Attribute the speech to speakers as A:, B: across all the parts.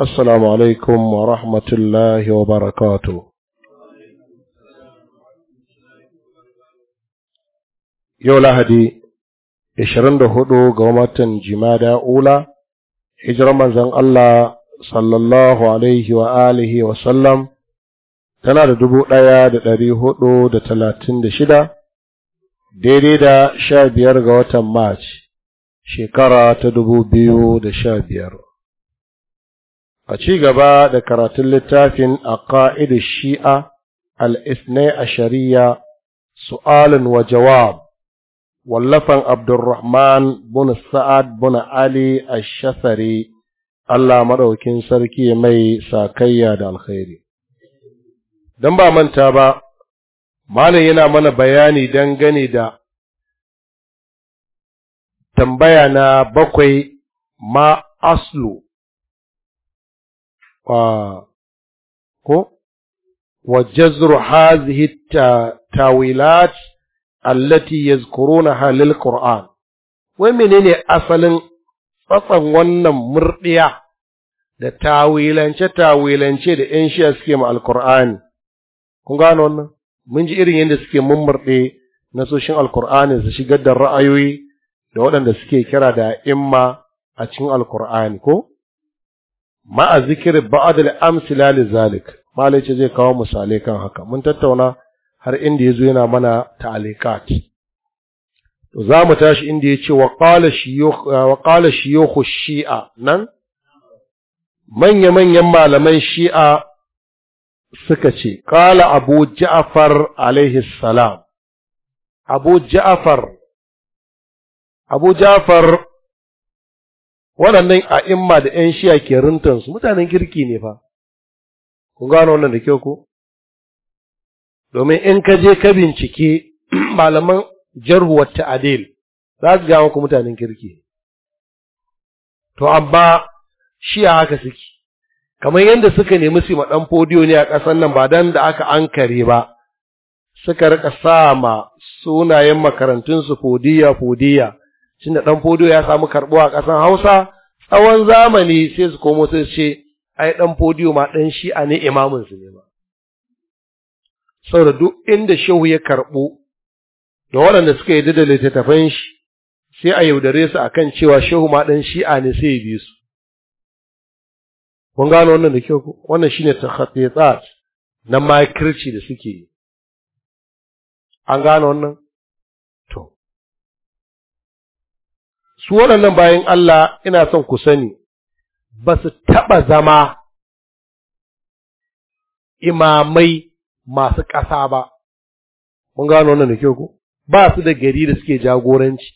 A: السلام عليكم rahmatullahi الله وبركاته yau lahadi 24 ga watan jimada ula hijirar manzon Allah sallallahu alaihi wa alihi wa tana da dubu ɗaya da ɗari hudu da talatin da shida daidai da sha biyar ga watan march shekara ta dubu biyu da sha biyar a ci gaba da karatun littafin a ƙa'idu shi'a al'isne a shari'a su'alin wa jawab wallafan abdurrahman bin sa'ad bin ali a shasari allah maɗaukin sarki mai sakayya da alkhairi don ba manta ba malam yana mana bayani dangane da tambaya na bakwai ma aslu ko wa jazru hadhihi tawilat allati yazkurunaha lil qur'an wai menene asalin tsatsan wannan murdiya da tawilance tawilance da yan shi suke ma alqur'ani kun gano wannan mun ji irin yadda suke mummurɗe nasoshin alqur'ani su shigar da ra'ayoyi da waɗanda suke kira da imma a cikin alqur'ani ko ma'a zikir ba'ad al-amsila li zalik malai ce zai kawo misalai kan haka mun tattauna har inda yazo yana mana ta'alikat to za mu tashi inda yace wa qala shiyukh wa qala shiyukh shi'a nan manya manyan malaman shi'a suka ce qala abu ja'far alaihi salam abu ja'far abu ja'far waɗannan a imma da ‘yan shiya ke rintansu mutanen kirki ne fa, kun gano wannan da kyau ko? Domin in ka je ka bincike malaman jarhu wata adil za su gawa ku mutanen kirki. To, amma shiya haka suke, kamar yadda suka nemi su ma ɗan fodiyo ne a ƙasan nan ba dan da aka ankare ba, suka rika sa ma sunayen makarantunsu fodiya-fodiya. tunda dan fodo ya samu karɓo a ƙasan Hausa tsawon zamani sai su komo sai su ce ai dan fodo ma dan shi'a ne imamin su ne ba saboda duk inda shehu ya karɓo da waɗanda suka yi da littattafan shi sai a yaudare su akan cewa shehu ma dan shi'a ne sai ya bi su kun gano wannan da kyau wannan shine takhatiyat na makirci da suke yi an gano wannan su waɗannan bayan Allah ina son ku sani ba su taɓa zama imamai masu ƙasa ba, mun gano wannan da kyau ku, ba su da gari da suke jagoranci,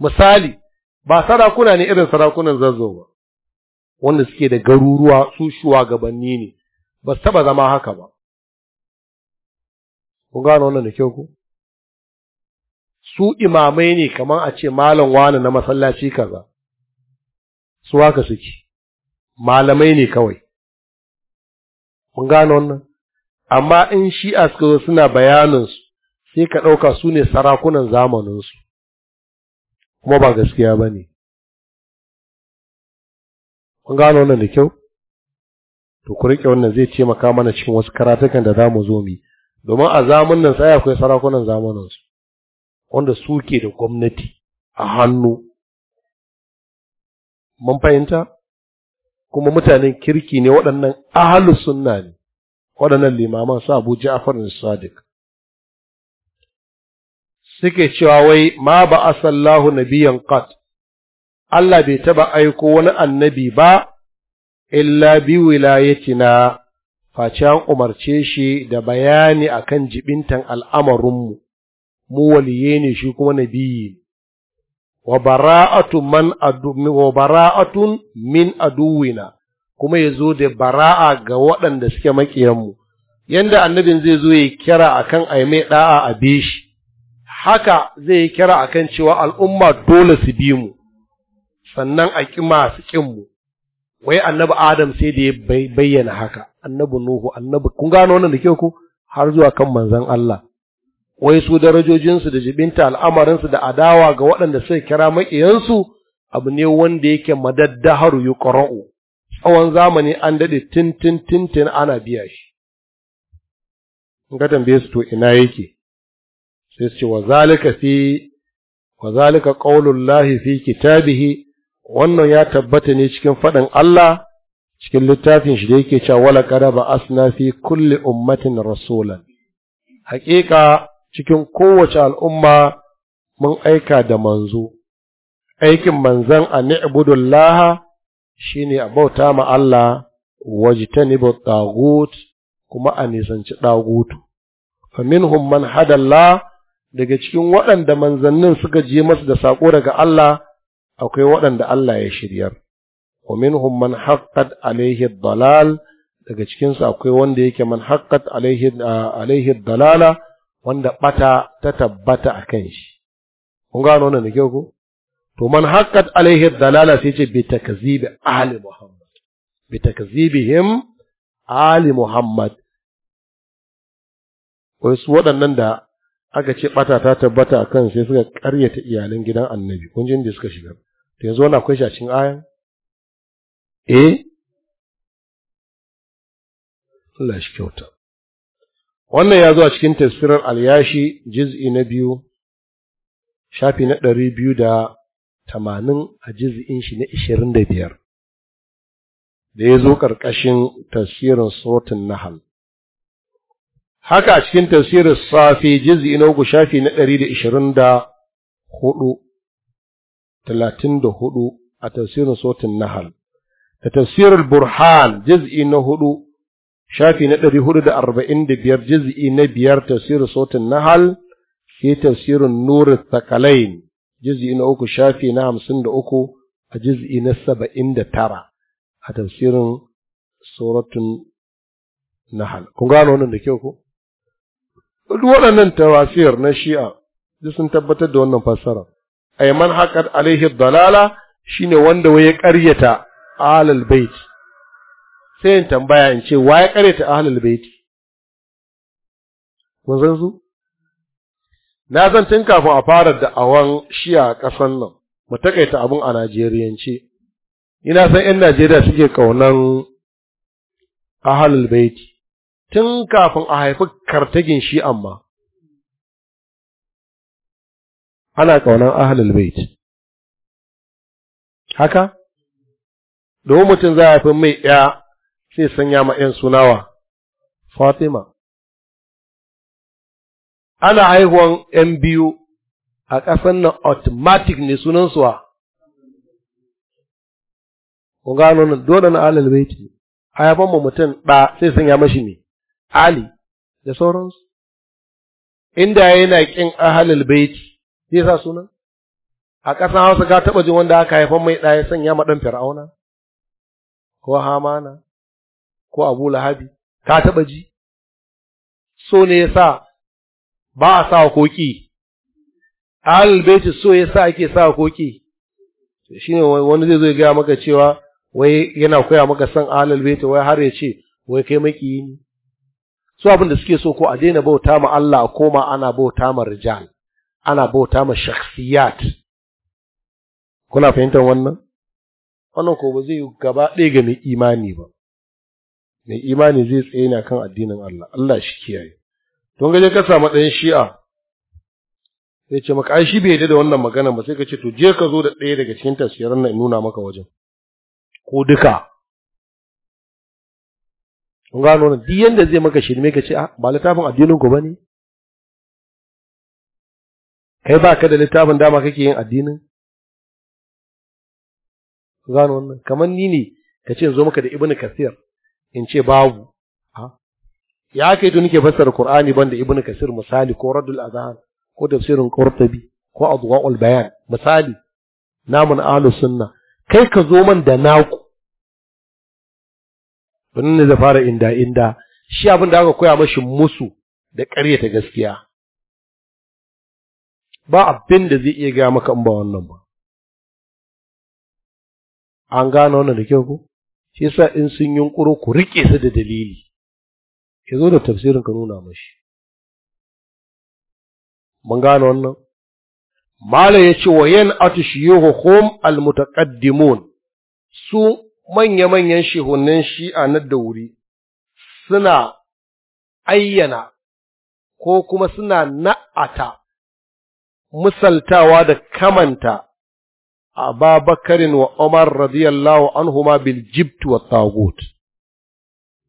A: misali, ba sarakuna ne irin sarakunan zazzau ba, wanda suke da garuruwa su shugabanni ne, ba su taɓa zama haka ba. Mun gano wannan da kyau ku? su imamai ne kamar a ce malam wani na masallaci kaza su haka suke malamai ne kawai mun gano wannan amma in shi suka zo suna bayaninsu sai ka ɗauka su ne sarakunan zamaninsu kuma ba gaskiya ba ne mun gano wannan da kyau to ku riƙe wannan zai taimaka mana cikin wasu karatukan da za mu zo mi? domin a zamun nan sai akwai sarakunan zamaninsu wanda suke da gwamnati a hannu mun fahimta kuma mutanen kirki ne waɗannan ahalu sunna ne waɗannan limaman su abu ja'far sadiq suke cewa wai ma ba a asallahu nabiyan kat Allah bai taba aiko wani annabi ba illa bi wilayatina face an umarce shi da bayani akan jibintan al'amarinmu mu waliye ne shi kuma nabiyi wa bara'atu man adu wa bara'atun min aduwina kuma yazo da bara'a ga waɗanda suke makiyan mu yanda annabin zai zo ya kira akan ai mai da'a a bi haka zai yi kira akan cewa al'umma dole su bi mu sannan a ƙi masu ƙin mu wai annabi adam sai da ya bayyana haka annabi nuhu annabi kun gano wannan da kyau ko har zuwa kan manzon Allah wai su darajojinsu da jibinta al'amarinsu da adawa ga waɗanda suka kira maƙiyansu abu ne wanda yake madaddaharu yi ƙoro'u tsawon zamani an daɗe tintin tintin ana biya shi ga tambaye su to ina yake sai su ce wa zalika fi wa zalika fi kitabihi wannan ya tabbata ne cikin faɗin Allah cikin littafin shi da yake cewa wala qaraba asna fi kulli ummatin rasulan haƙiƙa cikin kowace al'umma mun aika da manzo, aikin manzan a laha shi ne a bauta ma Allah ta tagut kuma a nisanci ɗagutu. Faminhum man hadalla daga cikin waɗanda manzannin suka je masu da saƙo daga Allah akwai waɗanda Allah ya shiryar. ومنهم من حقت عليه الضلال daga cikinsu akwai wanda yake man haqqat alaihi alaihi dalala wanda bata ta tabbata a kan shi kun gano wannan da kyau ko to man haqqat alaihi dalala sai ce bi takzibi ahli muhammad bi takzibihim ali muhammad Wasu waɗannan da aka ce ɓata ta tabbata a kan sai suka karyata iyalan gidan annabi kun ji inda suka shiga to yanzu wani akwai shashin ayan eh Allah shi kyauta wannan ya zo a cikin tafsirar alyashi jiz'i na biyu shafi na ɗari biyu da tamanin a jiz'in shi na ishirin da biyar da ya zo ƙarƙashin tafsirin sautin nahal haka a cikin tafsirin safi jiz'i na uku shafi na ɗari da ishirin da hudu talatin da hudu a tafsirin sautin nahal da tafsirin burhan jiz'i na hudu shafi na ɗari hudu da arba'in da biyar jizi'i na biyar tafsirin sautin nahal ke tafsirin nuri sakalain jizi'i na uku shafi na hamsin da uku a jizi'i na saba'in da tara a tafsirin suratun nahal kun gano wannan da kyau ko duk waɗannan tawasir na shi'a duk sun tabbatar da wannan fassara ayman haqat alaihi dalala shine wanda waye ƙaryata alal bait sai in tambaya in ce wa ya ta ahlul baiti mun san su na zan tun kafin a fara da da'awan shiya a ƙasar nan mu takaita abin a Najeriyance ina san 'yan Najeriya suke kaunan ahlul baiti tun kafin a haifi kartagin shi amma ana kaunan ahlul baiti haka domin mutum za a fi mai ɗaya sai sanya ma ‘yan sunawa Fatima. Ana haihuwan ‘yan biyu a ƙasan nan automatic ne wa. Kun gano nan dole na alal baiti, a yaban mu mutum ɗa sai sanya mashi ne, Ali da sauransu. Inda yana ƙin ahalal baiti, zai sa sunan? a ƙasar Hausa ga taɓa jin wanda aka haifan mai ɗaya sanya maɗan ɗan Fir'auna, ko Hamana, ko abu lahabi ta taɓa ji so ne ya sa ba a sa koki albaiti so ya sa ake sa koki shi ne wani zai zo gaya maka cewa wai yana koya maka san albaiti wai har ya ce wai kai maki ni? su abin da suke so ko a daina bauta ma Allah a koma ana bauta ma rijal ana bauta ma shakhsiyat kuna fahimtar wannan wannan ko ba zai gaba ɗaya ga mai imani ba mai imani zai tsaye na kan addinin Allah Allah shi kiyaye don gaje ka samu ɗayan shi'a sai ce maka ai shi bai yadda da wannan magana ba sai ka ce to je ka zo da ɗaya daga cikin tasirin nan nuna maka wajen ko duka kun gano nan duk yanda zai maka shirme ka ce ah ba littafin addinin ku bane kai ba ka da littafin dama kake yin addinin kun gano wannan kamar ni ne ka ce zo maka da ibnu kasir in ce babu ya kai tuni to nake fassara Qur'ani banda ibnu Kasir misali ko Radul azhar ko tafsirin Qurtubi ko Adwaul Bayan misali namun ahlu Sunna kai ka zo man da naku Wannan ne da fara inda inda shi abin da aka koya mashi musu da ƙaryata gaskiya ba abin da zai iya gaya maka in ba wannan ba an gano wannan da kyau ko shi yasa in sun yunkuro ku riƙe su da dalili ya zo da tafsirin ka nuna mashi mun gane wannan mala ya ce wa yan atshiyuhum almutaqaddimun su manya-manyan shehunan shi'a na wuri, suna ayyana ko kuma suna na'ata misaltawa da kamanta Aba wa Umar radiyallahu anhu bil jibt wa tagut.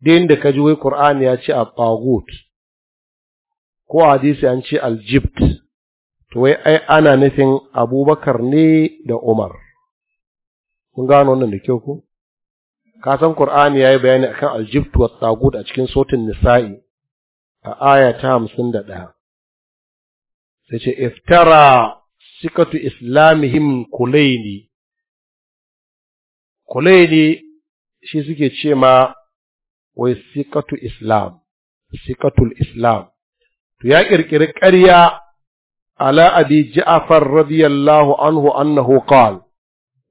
A: Din da ka ji wai Qur'ani ya ce a tagut. Ko hadisi an ce al jibt. To wai ai ana nufin Abubakar ne da Umar. Kun gano wannan da kyau ko? Ka san Qur'ani yayi bayani akan al jibt wa tagut a cikin sotin Nisa'i a aya ta 51. Sai ce iftara sikatu islamihim kulaini kulaini shi suke ce ma wai sikatu islam sikatul islam to ya ƙirƙiri ƙarya ala abi ja'far radiyallahu anhu annahu qal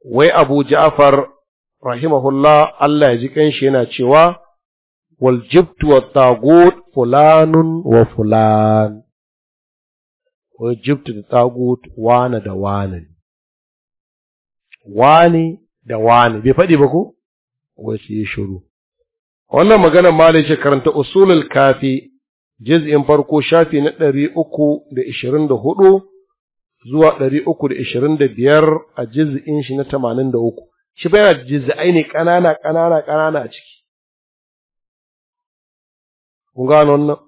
A: wai abu ja'far rahimahullah Allah ya ji kanshi yana cewa wal jibtu wa tagut fulanun wa fulan wai jibtu da tagut wane da wane ne wane da wane bai faɗi ba ko wai ya shuru shiru wannan magana malai ce karanta usulul kafi juz'in farko shafi na ɗari uku da ishirin da hudu zuwa ɗari uku da ishirin da biyar a juz'in shi na tamanin da uku shi bayan yana juz'ai ne ƙanana ƙanana ƙanana a ciki kun gano wannan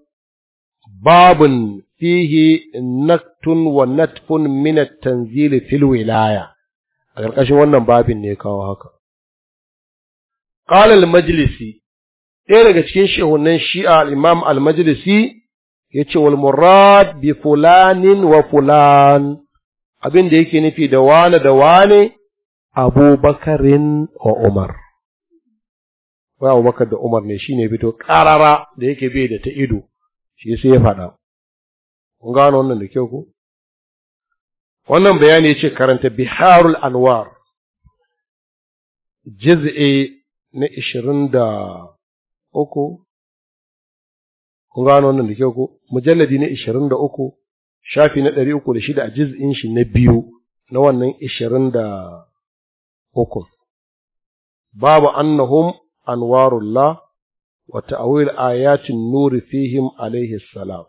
A: babun fihi naktun natfun min at-tanzil a ƙarƙashin wannan babin ne kawo haka qala majlisi ɗaya daga cikin shehunan shi'a al-imam al-majlisi yace wal murad bi fulanin wa fulan abin da yake nufi da wane da wane abubakarin wa umar wa abubakar da umar ne shine fito ƙarara da yake bai da ta ido shi sai ya faɗa kun gano wannan da kyau ko wannan bayani yace karanta biharul anwar juz'i na ishirin da uku kun gano wannan da kyau ko mujalladi na ishirin da uku shafi na ɗari uku da shida a juz'in shi na biyu na wannan ishirin da uku babu annahum anwarullah wa ta'awil ayatin nuri fihim alaihi salam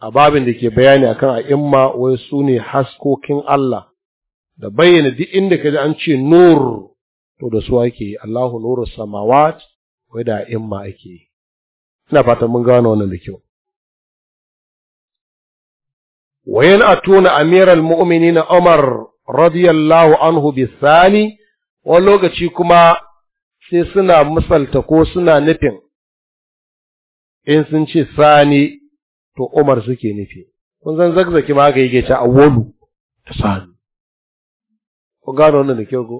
A: a babin da ke bayani akan a'imma wai su ne haskokin Allah da bayyana duk inda ka ji an ce nur to da su ake Allahu nuru samawat wai da a'imma ake ina fatan mun gano wannan da kyau wayan atuna amiral na Umar radiyallahu anhu bisani wani lokaci kuma sai suna misalta ko suna nufin in sun ce sani to Umar suke nufi kun zan zagzaki ma aka yi yake ce awwalu ta sani ku gano wannan da kyau ko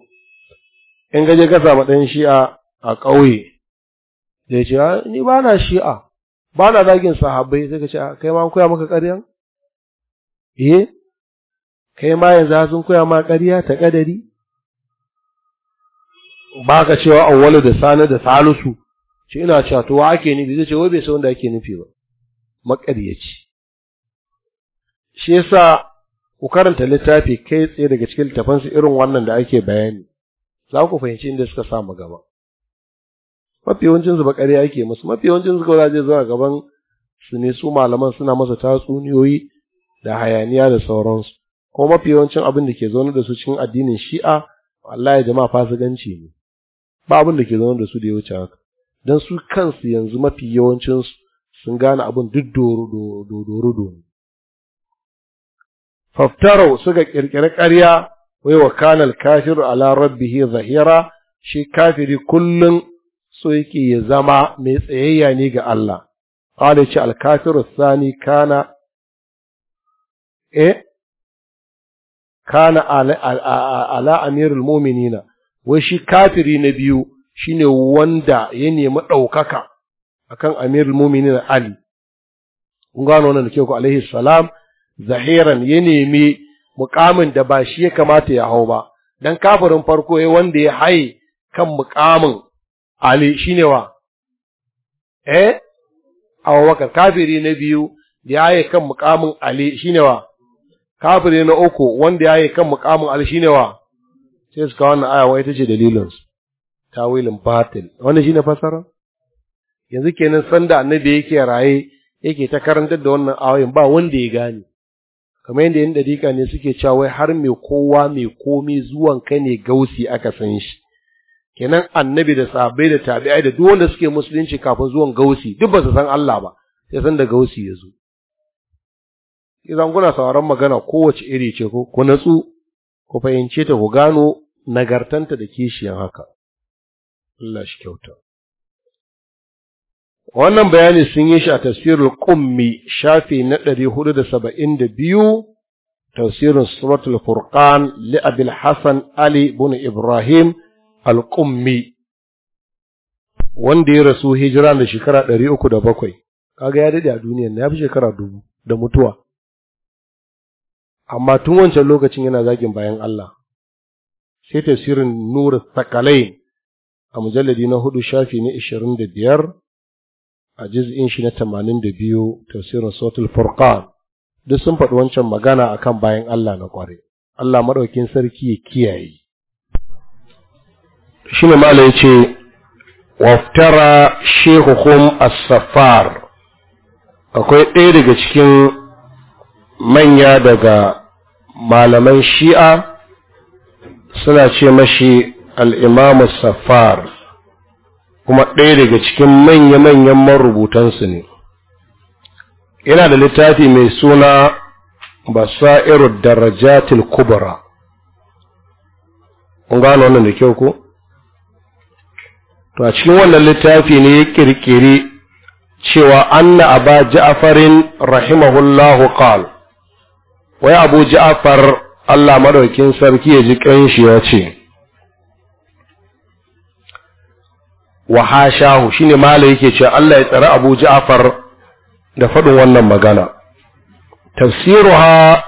A: in gaje ka samu ɗan shi'a a ƙauye ya ce ah, ni ba na shi'a ba na zagin sahabbai sai ka ce ah, kai ma koya maka ƙaryan eh kai ma yanzu sun koya ma ƙarya ta ƙadari ba ka cewa awwalu da sani da salisu ce ina cewa to wa ake nufi zai ce wai bai san wanda ake nufi ba maƙaryaci shi yasa ku karanta littafi kai tsaye daga cikin littafansu irin wannan da ake bayani za ku fahimci inda suka samu gaba mafi yawancin su bakari ake musu mafi yawancin su kawai zai zuwa gaban su ne su malaman suna masa tatsuniyoyi da hayaniya da sauransu ko mafi yawancin abin da ke zaune da su cikin addinin shi'a Allah ya jama'a fasiganci ne ba abin da ke zaune da su da ya wuce haka dan su kansu yanzu mafi yawancin su sun gane abin duk dorudo ne. Faftarau suka ƙirƙiri ƙarya wai wa kanal kafiru ala rabbihi zahira shi kafiri kullum so yake ya zama mai tsayayya ne ga Allah. Ƙwale ce alkafiru sani kana eh kana ala amirul muminina wai shi kafiri na biyu shine wanda ya nemi ɗaukaka akan amirul muminin ali kun gano wannan da ke ku alaihi salam zahiran ya nemi mukamin da ba shi ya kamata ya hau ba dan kafirin farko ya wanda ya haye kan mukamin ali shine wa eh abubakar kafiri na biyu da ya haye kan mukamin ali shine wa kafiri na uku wanda ya haye kan mukamin ali shine wa sai suka wannan aya wai ita ce tawilin batil wannan shine fasara yanzu kenan sanda annabi yake raye yake ta karantar da wannan ayoyin ba wanda ya gane kamar yadda yin dariƙa ne suke cewa wai har mai kowa mai komi zuwan kai ne gausi aka san shi kenan annabi da sahabbai da tabi'ai da duk wanda suke musulunci kafin zuwan gausi duk ba su san Allah ba sai san da gausi ya zo idan kuna sauraron magana kowace iri ce ko ku natsu ku fahimce ta ku gano nagartanta da kishiyan haka Allah shi kyauta wannan bayani sun yi shi a tasirin ƙummi shafi na hudu da da saba'in biyu tafsirin suratul furqan li abil hasan ali bin ibrahim al-qummi wanda ya rasu hijira da shekara uku da bakwai, kaga ya daɗe a duniyan na ya fi shekara dubu da mutuwa amma tun wancan lokacin yana zagin bayan Allah sai tafsirin nur sakalai a mujalladi na hudu shafi na da biyar. a juz'in shi na tamanin da biyu tafsirin sautul furqan duk sun faɗi wancan magana akan bayan Allah na ƙware Allah maɗaukin sarki ya kiyaye shi ne mala ya ce waftara shekukun as-safar akwai ɗaya daga cikin manya daga malaman shi'a suna ce mashi al'imamu safar kuma ɗaya daga cikin manya-manyan marubutansu ne Ina da littafi mai suna basairu darajatil kubra kun gano wannan da kyau ko to a cikin wannan littafi ne ya kirkiri cewa anna aba ja'farin rahimahullahu qal wai abu ja'afar Allah maɗaukin sarki ya ji ƙanshi ya ce wa hashahu shine mala yake cewa Allah ya tsara Abu Ja'far da faɗin wannan magana tafsiruha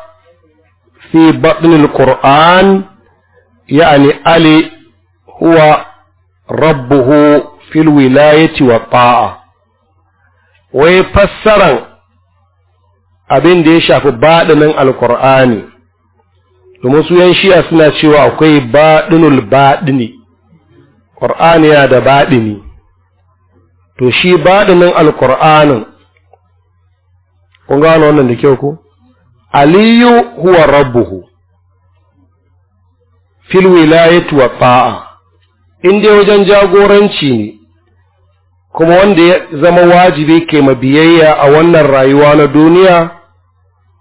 A: fi batn al-Qur'an yani Ali huwa rabbuhu fil wilayati wa ta'a wai fassaran abin da ya shafi baɗinin alkur'ani domin su yan shi'a suna cewa akwai baɗinul baɗini ƙur'ani ya da baɗini to shi baɗinin alƙur'anin kun gano wannan da kyau ku aliyu huwa rabbuhu fil wilayati wa ta'a in dai wajen jagoranci ne kuma wanda ya zama wajibi ke mabiyayya a wannan rayuwa na duniya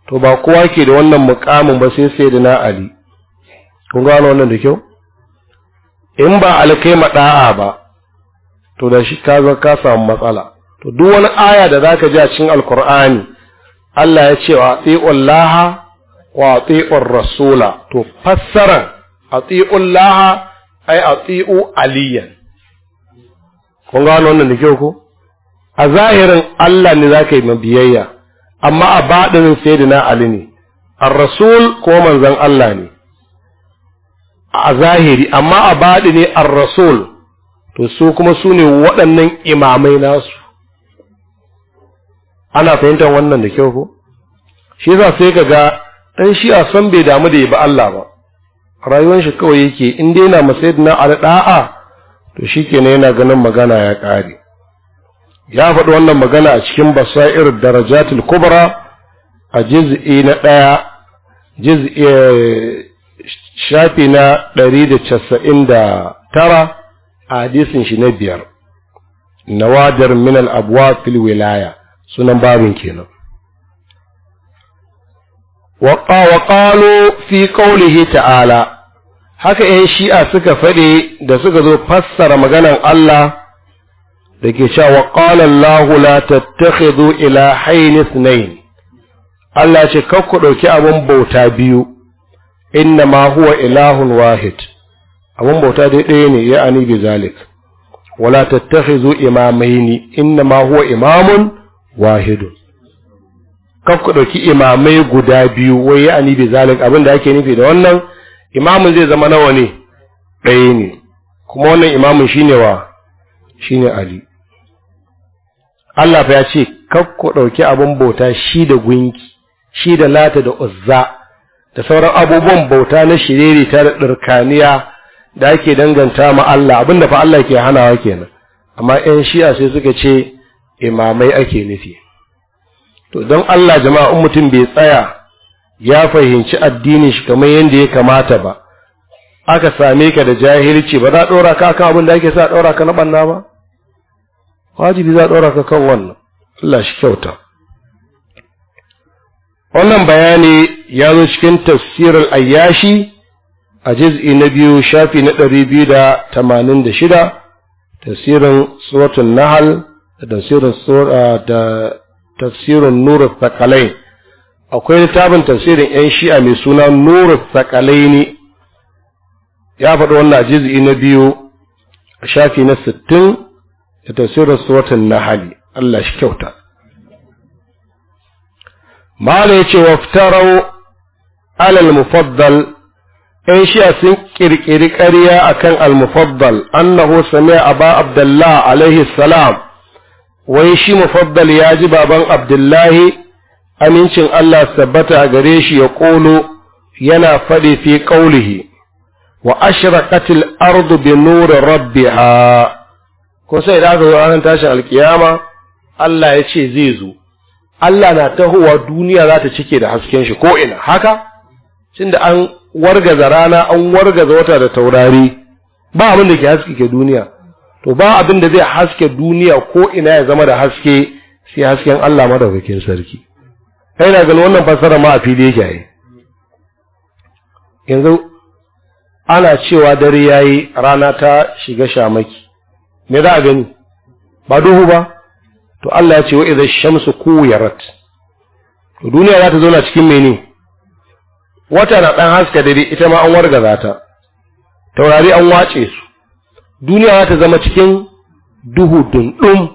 A: to ba kowa ke da wannan mukamin ba sai sai da na ali kun gano wannan da kyau in ba alkaima da'a ba to da shi ka zo ka samu matsala to duk wani aya da zaka ji a cikin alkur'ani Allah ya ce wa Laha, wa atiur rasula to fassara laha ai atiu aliyan kun ga wannan da kyau ko a zahirin Allah ne zaka yi mabiyayya amma a badin sayyidina ali ne ar-rasul ko manzon Allah ne a zahiri amma a baɗi ne ar-rasul to su kuma su ne waɗannan imamai nasu ana fahimtar wannan da kyau ko shi yasa sai ka ga ɗan shi a san bai damu da ya ba Allah ba rayuwar shi kawai yake in dai na masayidina a da'a to na yana ganin magana ya ƙare ya faɗi wannan magana a cikin basair darajatul kubra a jiz'i na ɗaya eh, shafi na ɗari da casa'in da tara a hadisin shi na biyar na nawadar minal abuwa filwilaya wilaya sunan babin kenan ƙalo fi ƙaunihi ta'ala haka ‘yan shi'a suka faɗe da suka zo fassara maganan Allah da ke sha cewa waƙala ta ke zo ila hainis haini Allah ce kakku ɗauki abin bauta biyu inna ma huwa ilahun wahid abun bauta dai ɗaya ne ya ani bi zalik wala tattakhizu imamaini inna ma huwa imamun wahidun kaf ku dauki imamai guda biyu wai ya ani bi zalik abin da ake nufi da wannan imamun zai zama nawa ne ɗaya ne kuma wannan imamun shine wa shine ali Allah fa ya ce kakku ɗauki dauki abun bauta shi da gunki shi da lata da uzza da sauran abubuwan bauta na shiriri ta ɗirkaniya da ake danganta ma Allah abinda fa Allah ke hanawa kenan amma 'yan shi'a sai suka ce imamai ake nufi to don Allah jama'a in mutum bai tsaya ya fahimci addinin shi kamar yadda ya kamata ba aka same ka da jahilci ba za a ɗora ka kan abin da ake sa ɗora ka na ɓanna ba wajibi za a ɗora ka kan wannan Allah shi kyauta wannan bayani ya zo cikin tafsirar ayyashi a jiz'i na biyu shafi na ɗari biyu da tamanin da shida tafsirin suratun nahal da tafsirin da tafsirin nuru sakalai akwai littafin tafsirin yan shi'a mai suna nuru sakalai ne ya faɗi wannan jiz'i na biyu a shafi na sittin da tafsirin suratun nahali Allah shi kyauta Mala ya ce waftarau alal mufaddal 'yan shiya sun ƙirƙiri ƙarya akan al-mufaddal annahu sami'a aba abdullah alaihi salam wai shi mufaddal ya ji baban abdullahi amincin Allah tabbata gare shi ya ƙolo yana faɗi fi ƙaulihi wa ashraqatil ardu bi nuri rabbiha ko sai aka zo ranar tashin alkiyama Allah ya ce zai zo Allah na tahowa duniya za ta cike da hasken shi ko ina haka tunda an wargaza rana an wargaza wata da taurari ba abin da ke ke duniya to ba abin da zai haske duniya ko ina ya zama da haske sai hasken Allah madaukakin sarki kai na ganin wannan fassara ma a fili yake yi yanzu ana cewa dare yayi rana ta shiga shamaki me za a gani ba duhu ba to Allah ya ce wa idza shamsu kuwirat to duniya za ta zauna cikin mene wata na ɗan haska dare ita ma an warga za ta taurari an wace su duniya za ta zama cikin duhu dundum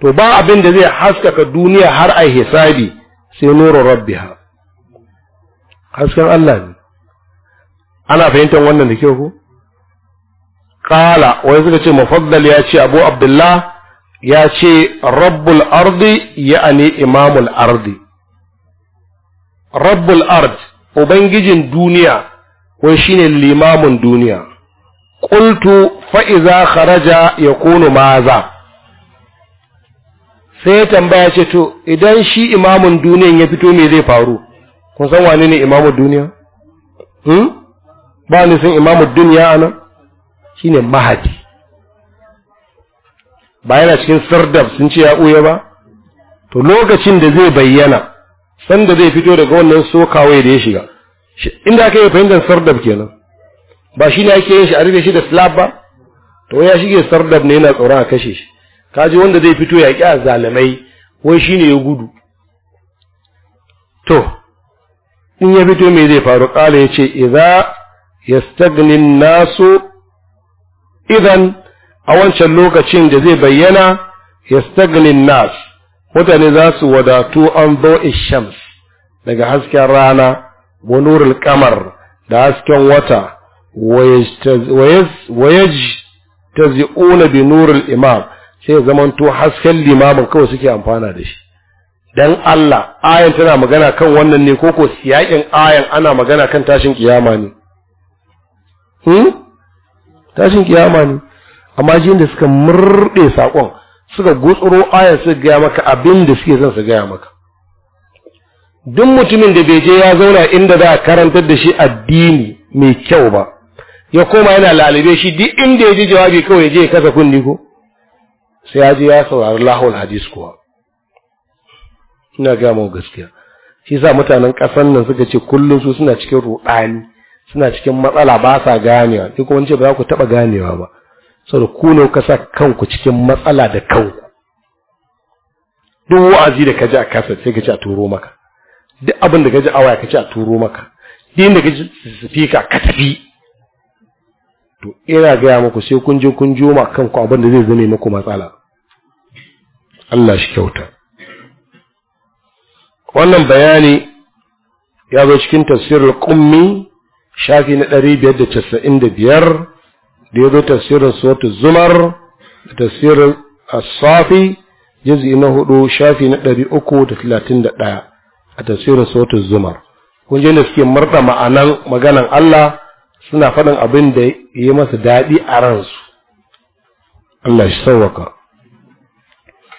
A: to ba abin da zai haskaka duniya har a hisabi sai nuru rabbiha hasken Allah ne ana fahimtar wannan da kyau ko qala wai suka ce mafaddal ya ce abu abdullah ya ce rabbul ardi ya'ani imamul ardi rabbul ardi ubangijin duniya wai shine limamin duniya qultu fa iza kharaja yakunu maza sai ya tambaya ce to idan shi imamun duniyan ya fito me zai faru kun san wane ne imamun duniya hmm ba ni san imamun duniya anan shine mahadi ba yana cikin sardab sun ce ya uya ba to lokacin da zai bayyana sanda zai fito daga wannan soka sokawai da ya shiga inda aka yi fahimtar sardab kenan ba shi ne ake yin shi a rufe shi da slab ba to ya shige sardab ne yana tsoron a kashe shi ji wanda zai fito ya ƙi a zalimai wai shi ne ya gudu to in ya fito mai zai faru ƙala ya ce ya stagnin nasu idan a wancan lokacin da zai bayyana ya stagnin nasu mutane za su wadatu an zo ishams daga hasken rana wa nurul kamar da hasken wata wayaj ziuna bi nurul imam sai zamanto hasken limamin kawai suke amfana da shi dan Allah ayan tana magana kan wannan ne koko siyakin ayan ana magana kan tashin kiyama ne hmm tashin kiyama ne amma jin da suka murɗe saƙon. suka gutsuro ayar su gaya maka abin da suke zan su gaya maka duk mutumin da bai je ya zauna inda za a karantar da shi addini mai kyau ba ya koma yana lalube shi duk inda ya ji jawabi kawai ya je ya kasa kunni ko sai ya je ya saurari lahul hadis kuwa ina gaya mu gaskiya shi sa mutanen ƙasar nan suka ce kullum su suna cikin ruɗani suna cikin matsala ba sa ganewa duk wani ce ba za ku taɓa ganewa ba saboda ku ne ka sa kanku cikin matsala da kanku duk wa'azi da ka ji a kasa sai ka ci a turo maka duk abin da ka ji a waya ka ci a turo maka duk inda ka ji sifika ka tafi to ina gaya muku sai kun je kun joma kanku abin da zai zame muku matsala Allah shi kyauta wannan bayani ya zo cikin tafsirul qummi shafi na 595 da ya zo tafsirin suratul zumar da tafsirin as-safi juz'i na hudu shafi na ɗari uku da talatin da ɗaya a tafsirin suratul zumar kun da suke marta ma'anan maganan Allah suna faɗin abin da ya yi masa daɗi a ransu Allah shi sauwaka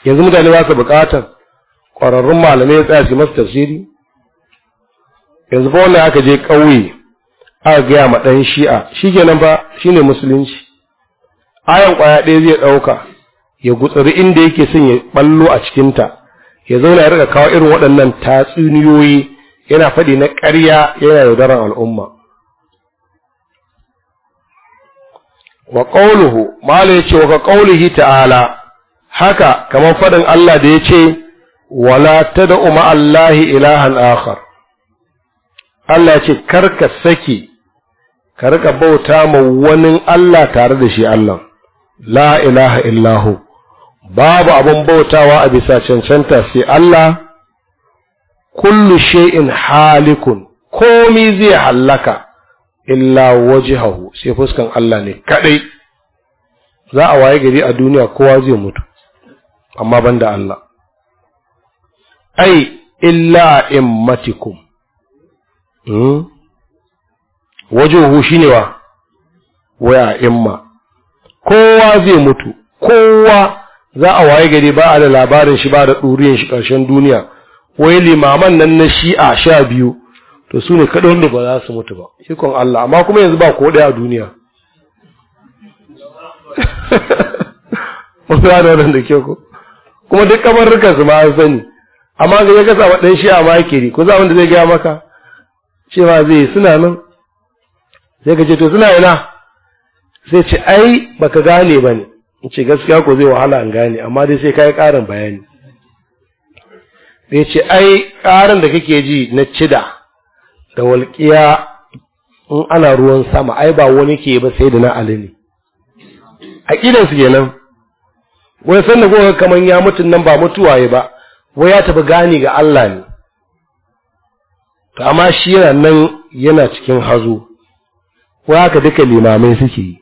A: yanzu mutane ba su buƙatar ƙwararrun malamai ya tsaya su masu tafsiri yanzu fa wanda aka je ƙauye aka gaya ma ɗan shi'a shi kenan fa ne musulunci ayan ƙwaya ɗaya zai ɗauka ya gutsuri inda yake son ya ɓallo a cikinta ya zauna ya rika kawo irin waɗannan tatsuniyoyi yana faɗi na ƙarya yana yaudaran al'umma wa ƙauluhu mala ya ce wa ka ƙaulihi ta'ala haka kamar faɗin Allah da ya ce wala uma ma'allahi ilahan akhar Allah ya ce kar ka saki ka rika bauta ma wani Allah tare da shi Allah la ilaha illahu babu abin bautawa a bisa cancanta sai Allah kullu shay'in halikun komi zai hallaka illa wajhahu sai fuskan Allah ne kadai za a waye gari a duniya kowa zai mutu amma banda Allah ai illa immatikum hmm? wajuhu shine wa waya imma kowa zai mutu kowa za a waye gari ba a da labarin shi ba da ɗuriyar shi ƙarshen duniya wai limaman nan na shi'a sha biyu to su ne kaɗan wanda ba za su mutu ba ikon Allah amma kuma yanzu ba ko ɗaya a duniya Wasu gane wannan da ke ko kuma duk kamar rika su ma sani amma ga ya gasa wa ɗan shi'a ma kiri ko za wanda zai gaya maka cewa zai suna nan zai ka to suna ina sai ce ai baka gane ba ne in ce gaskiya ko zai wahala in gane amma dai sai ka karin bayani sai ce ai ƙarin da kake ji na cida da walƙiya in ana ruwan sama ai ba wani ke ba sai da na alini a a su kenan wai san da kuka kaman ya mutun nan ba mutuwa ya ba wai ya tafi gani ga Allah ne to amma shi yana nan yana cikin hazo wa haka duka limamai suke yi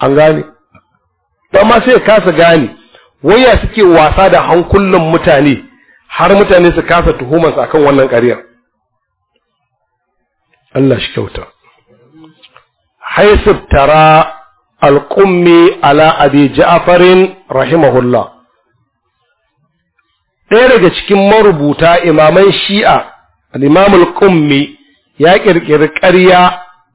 A: an gane don ma sai kasa gane waya suke wasa da hankulan mutane har mutane su kasa tuhumarsa akan wannan ƙaryar Allah shi kyauta haisib tara alƙummi ala abi ja'farin rahimahullah ɗaya daga cikin marubuta imaman shi'a al'imamul ƙummi ya ƙirƙiri ƙarya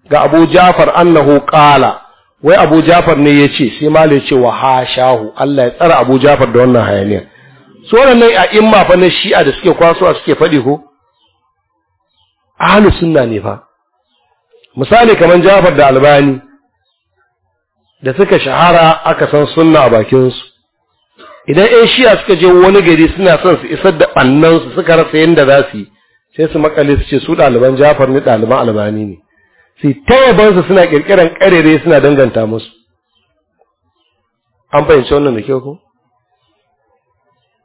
A: ga abu jafar annahu qala wai abu jafar ne ya ce sai mala ya ce wa hashahu Allah ya tsara abu jafar da wannan hayaniyar su waɗannan a imma fa na shi'a da suke kwaso, a suke faɗi ko ahlus sunna ne fa misali kamar jafar da albani da suka shahara aka san sunna a bakinsu idan 'yan shi'a suka je wani gari suna son su isar da ɓannansu suka rasa yadda za su yi sai su makale su ce su ɗaliban jafar ne ɗaliban albani ne sai ta yabansu suna ƙirƙirar ƙarere suna danganta musu an fahimci wannan da kyau ko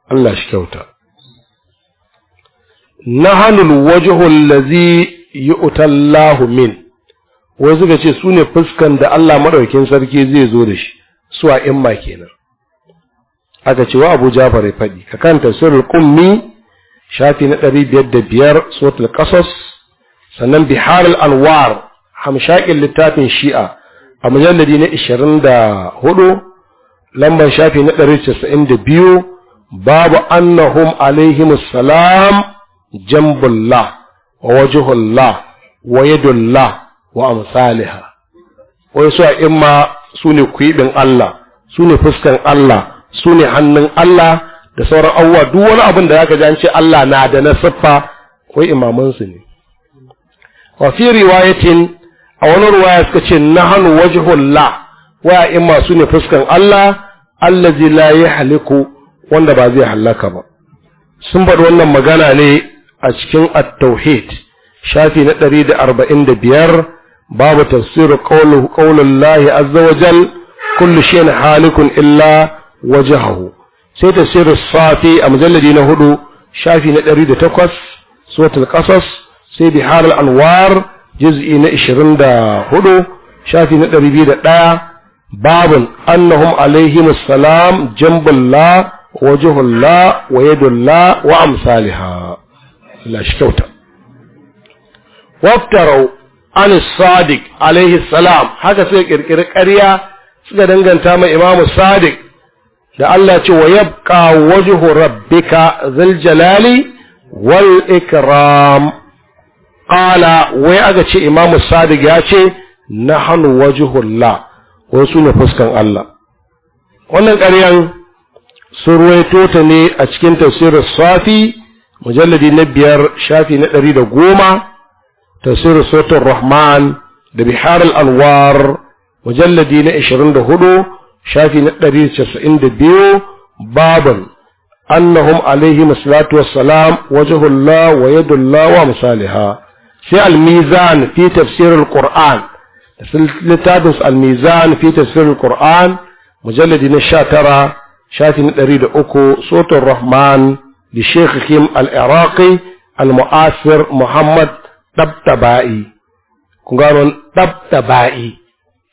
A: Allah shi kyauta na wajahun lazi yi utallahu min wai suka ce su ne fuskan da Allah maɗaukin sarki zai zo da shi su a ma kenan aka ce wa Abu Jafar ya faɗi ka kan tafsirul mi. shafi na ɗari biyar da biyar suratul qasas sannan bihar al-anwar hamshakin littafin shi'a a mujalladi na ishirin da hudu lambar shafi na ɗari casa'in da biyu babu annahum alaihim salam jambullah wa wajhullah wa yadullah wa amsaliha wai su imma su ne kuibin Allah sune fuskan Allah sune hannun Allah da sauran abubuwa duk wani abin da zaka ji an ce Allah na da na siffa wai imamansu ne wa fi riwayatin a wani riwaya suka ce nahnu wajhullah waya in masu ne fuskan Allah allazi la haliku wanda ba zai halaka ba sun bar wannan magana ne a cikin at-tauhid shafi na ɗari 145 babu tafsirin qawluhu qawlullahi azza wa jal kullu shay'in halikun illa waje wajhahu sai tafsir safi a mujalladi na hudu shafi na ɗari da takwas suratul qasas sai bihar anwar juz'i na ishirin da hudu shafi na ɗari biyu da ɗaya babun annahum alaihim salam jambullah wajhullah wa yadullah wa amsalha la shi kyauta waftarau an sadiq alaihi salam haka suka kirkiri ƙarya suka danganta mai imamu sadiq da Allah ce wa yabqa wajhu rabbika zal jalali wal ikram qala wai aga ce imam sadiq ya ce nahnu wajhullah wasu ne fuskan Allah wannan ƙaryan sun ruwaito ta ne a cikin tafsirin safi mujalladi na biyar shafi na ɗari da goma tafsirin sautin rahman da bihar al'anwar mujalladi na ishirin da hudu شافي نقدر عند ديو بابا أنهم عليهم الصلاة والسلام وجه الله ويد الله ومصالحا في الميزان في تفسير القرآن لتابس الميزان في تفسير القرآن مجلد نشاترا شافي نريد أكو صوت الرحمن لشيخهم العراقي المعاصر محمد تبتبائي كنغارون تبتبائي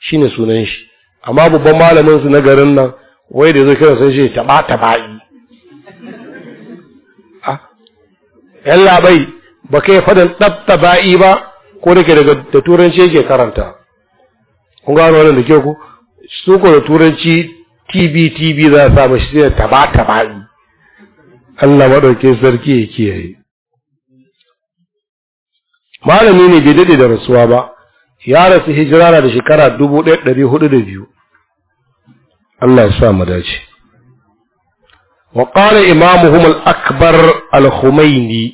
A: شين سننشي amma babban malamin su na garin nan wai da zai kira sai shi taba taba'i ah, a yan labai ba kai faɗin ɗab taba'i ba ko da ke da turanci yake karanta kun gano wannan da ke ku su ko da turanci tb tb za a sa shi sai taba taba'i Allah maɗauke sarki ya kiyaye malami ne bai dade da rasuwa ba ya rasu hijira da shekara dubu ɗaya ɗari hudu da biyu Allah ya sa mu dace wa qala imamuhum al al akwai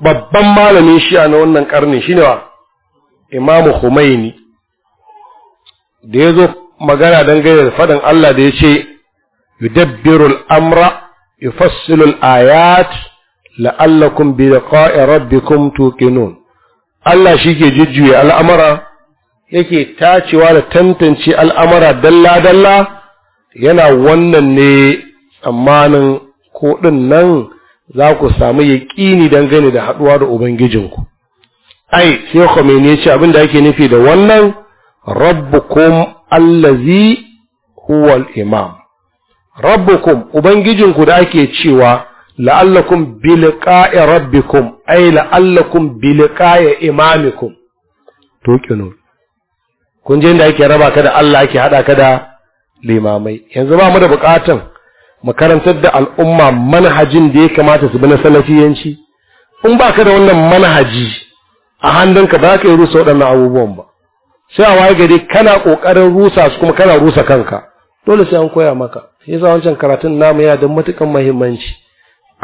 A: babban malamin shi'a na wannan shi shine wa imamu humaini da ya zo magana dangane da faɗin Allah da ya ce yudabbiru al-amra yufassilu ayat la'allakum bi liqa'i rabbikum tuqinun Allah shi ke jujjuya al'amara yake tacewa da tantance al'amara dalla-dalla yana wannan ne tsammanin koɗin nan za ku samu yaƙini dangane da haɗuwa da Ubangijinku. Ai, sai Khomeini ya ce abin da ake nufi da wannan, rabbukum allazi huwal imam. Rabbukum, Ubangijinku da ake cewa, la’allakun bilika’i rabbikum, ai, la’allakun bilika’i imamikum. Tokinu. kun je inda ake raba ka da Allah ake hada ka da limamai yanzu ba mu da mu karantar da al'umma manhajin da ya kamata su bi na salafiyanci in ba ka da wannan manhaji a ka ba ka yi rusa waɗannan abubuwan ba sai a waye gari kana ƙoƙarin rusa su kuma kana rusa kanka dole sai an koya maka shi sa wancan karatun namu yana da matukan muhimmanci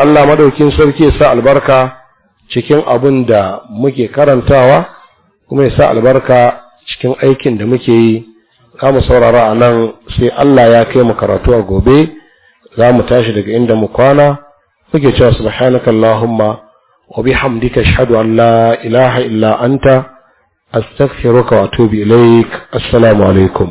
A: Allah madaukin sarki ya sa albarka cikin abin da muke karantawa kuma ya sa albarka cikin aikin da muke yi za mu saurara a nan sai Allah ya kai mu karatu a gobe za mu tashi daga inda mu kwana muke cewa subhanaka allahumma wa bihamdika ashhadu an la ilaha illa anta astaghfiruka wa atubu ilaik assalamu alaikum